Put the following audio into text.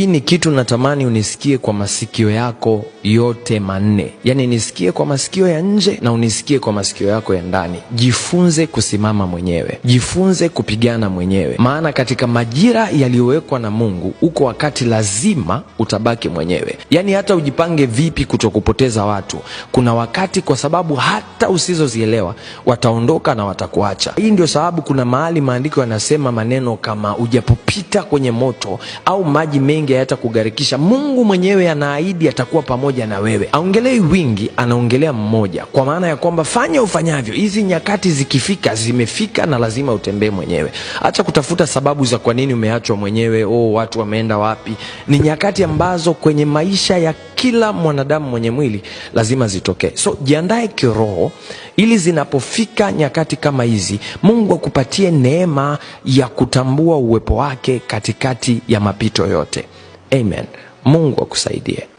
Hii ni kitu natamani unisikie kwa masikio yako yote manne, yaani nisikie kwa masikio ya nje na unisikie kwa masikio yako ya ndani. Jifunze kusimama mwenyewe, jifunze kupigana mwenyewe, maana katika majira yaliyowekwa na Mungu uko wakati lazima utabaki mwenyewe. Yaani hata ujipange vipi kutokupoteza watu, kuna wakati, kwa sababu hata usizozielewa, wataondoka na watakuacha. Hii ndio sababu kuna mahali maandiko yanasema maneno kama ujapopita kwenye moto au maji mengi mengi hayatakugharikisha. Mungu mwenyewe anaahidi atakuwa pamoja na wewe. Aongelei wingi, anaongelea mmoja, kwa maana ya kwamba fanya ufanyavyo, hizi nyakati zikifika, zimefika na lazima utembee mwenyewe. Acha kutafuta sababu za kwa nini umeachwa mwenyewe, oh, watu wameenda wapi. Ni nyakati ambazo kwenye maisha ya kila mwanadamu mwenye mwili lazima zitokee. So jiandae kiroho, ili zinapofika nyakati kama hizi, Mungu akupatie neema ya kutambua uwepo wake katikati ya mapito yote. Amen. Mungu akusaidie.